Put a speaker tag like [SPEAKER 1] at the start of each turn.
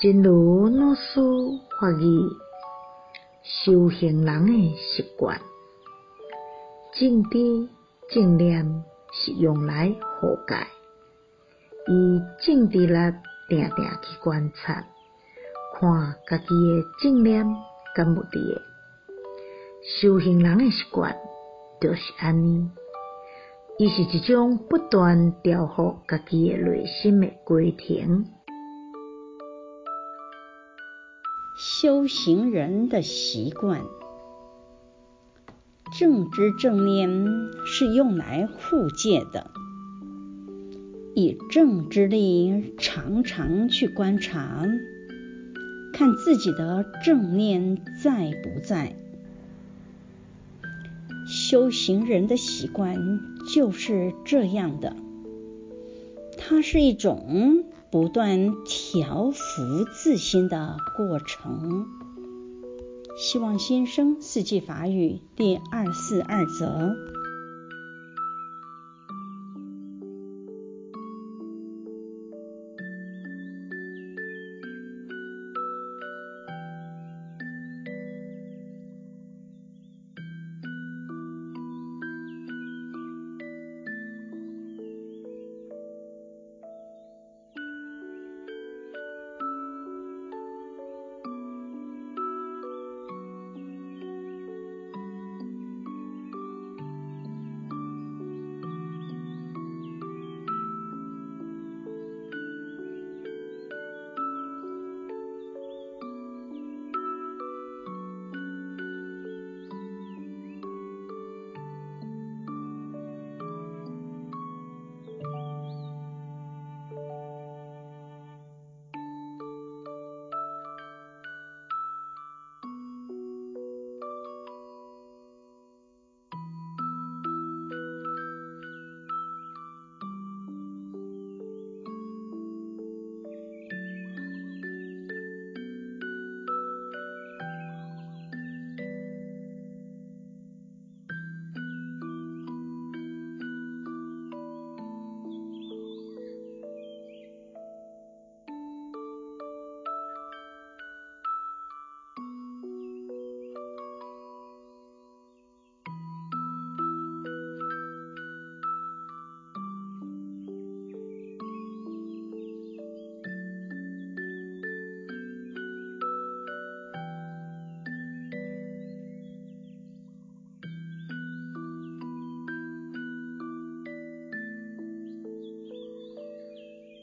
[SPEAKER 1] 真如老師話語，修行人誒習慣，正知正念是用來護戒，以正知力來定定去觀察，看家己誒正念甲目的的。修行人誒習慣著是安尼，伊是一種不斷調伏家己誒內
[SPEAKER 2] 心誒過程。修行人的習慣，正知正念是用來護戒的，以正知力常常去觀察，看自己的正念在不在。修行人的習慣就是這樣的，它是一種。不斷調伏自心的過程。希望新生《四季法語》第二四二則。